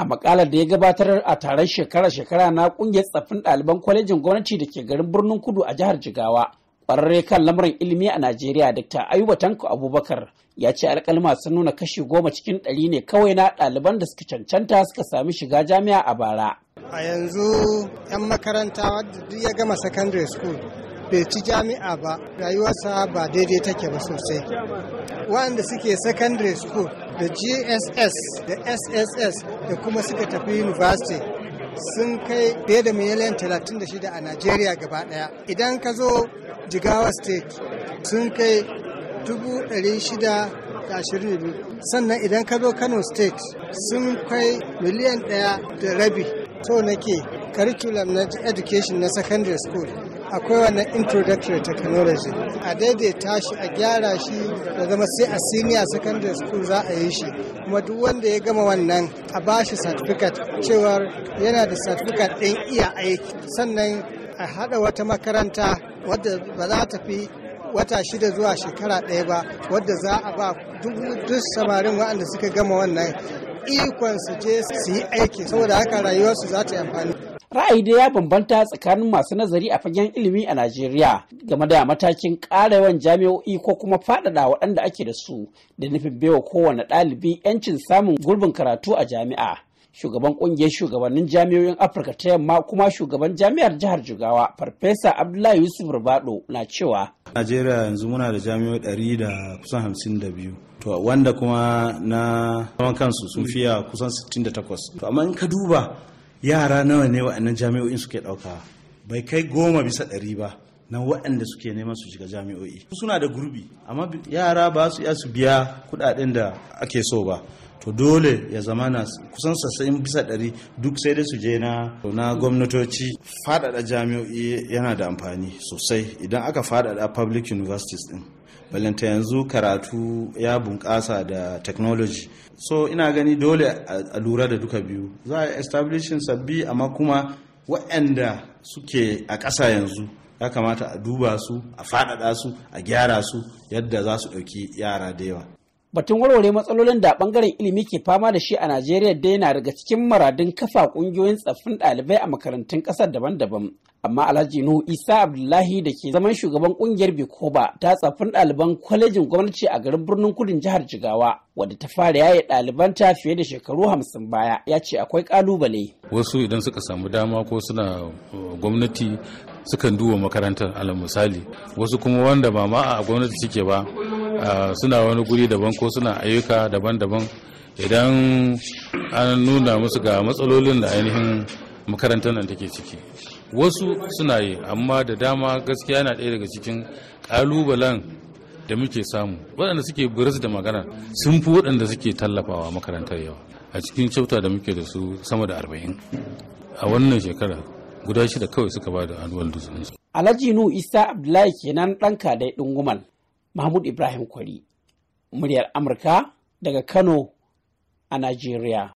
a makalar da ya gabatar a taron shekara-shekara na kungiyar tsaffin ɗaliban kwalejin gwamnati da ke garin birnin kudu a jihar jigawa Ƙwararre kan lamarin ilimi a najeriya dr ayuba tanko abubakar ya ce alƙalma sun nuna kashi goma cikin ɗari ne kawai na ɗaliban da suka cancanta suka sami shiga jami'a a bara a yanzu 'yan makaranta duk ya gama secondary school bai ci jami'a ba rayuwarsa ba daidai take ba sosai wanda suke secondary school da gss da sss da kuma suka tafi university sun kai fiye da miliyan 36 a najeriya gaba daya idan ka zo jigawa state sun kai 622 sannan idan ka zo kano state sun kai miliyan daya da rabi to nake curriculum na education na secondary school akwai wannan introductory technology a daidaita shi a gyara shi da zama sai a senior secondary school za a yi shi kuma duk wanda ya gama wannan a ba shi certificate cewar yana da certificate ɗin iya aiki sannan a haɗa wata makaranta wadda ba za ta fi wata shida zuwa shekara ɗaya ba wadda za a ba duk samarin waɗanda suka gama wannan ikon su je su yi aiki saboda haka rayuwarsu za ta yi amfani ra'ayi da ya bambanta tsakanin masu nazari a fagen ilimi a najeriya game da matakin ƙara yawan jami'o'i ko kuma faɗaɗa waɗanda ake da su da nufin baiwa kowane ɗalibi 'yancin samun gurbin karatu a jami'a shugaban ƙungiyar shugabannin jami'o'in afirka ta yamma kuma shugaban jami'ar jihar jigawa farfesa abdullahi yusuf rubado na cewa najeriya yanzu muna da jami'o'i ɗari da kusan hamsin da biyu to wanda kuma na kansu sun fiya kusan 68 to amma in ka duba yara nawa ne wa'annan jami'o'in suke ɗauka bai kai goma bisa ɗari ba na waɗanda suke neman su shiga jami'o'i suna da gurbi amma yara ba su iya su biya kuɗaɗen da ake so ba to dole ya zama na kusan sassan bisa ɗari duk sai dai su je na na gwamnatoci faɗaɗa jami'o'i yana da amfani sosai idan aka faɗaɗa public universities ɗin balanta yanzu karatu ya bunƙasa da technology so ina gani dole a lura da duka biyu za a establishin sabbi amma kuma waɗanda suke a ƙasa yanzu ya kamata a duba su a faɗaɗa su a gyara su yadda za su ɗauki yara da yawa batun warware matsalolin da bangaren ilimi ke fama da shi a najeriya dai na daga cikin maradin kafa kungiyoyin tsaffin ɗalibai a makarantun ƙasar daban-daban amma alhaji nuhu isa abdullahi da ke zaman shugaban kungiyar bikoba ta tsaffin ɗaliban kwalejin gwamnati a garin birnin kudin jihar jigawa wadda ta fara yaye ta fiye da shekaru hamsin baya ya ce akwai ƙalubale wasu idan suka samu dama ko suna uh, gwamnati sukan duba makarantar alal misali wasu kuma wanda ba ma a gwamnati suke ba suna wani guri daban ko suna ayyuka daban-daban idan an nuna musu ga matsalolin da ainihin makarantar nan take ciki wasu suna yi amma da dama gaskiya na ɗaya daga cikin ƙalubalen da muke samu waɗanda suke buris da magana sun fi waɗanda suke tallafawa makarantar yawa a cikin cauta da muke da su sama da arba'in a wannan shekara guda shida kawai suka ba da annual Alhaji Nu Isa Abdullahi kenan ɗanka da ɗungumal Mahmud Ibrahim Kwari, muryar Amurka daga Kano a Najeriya.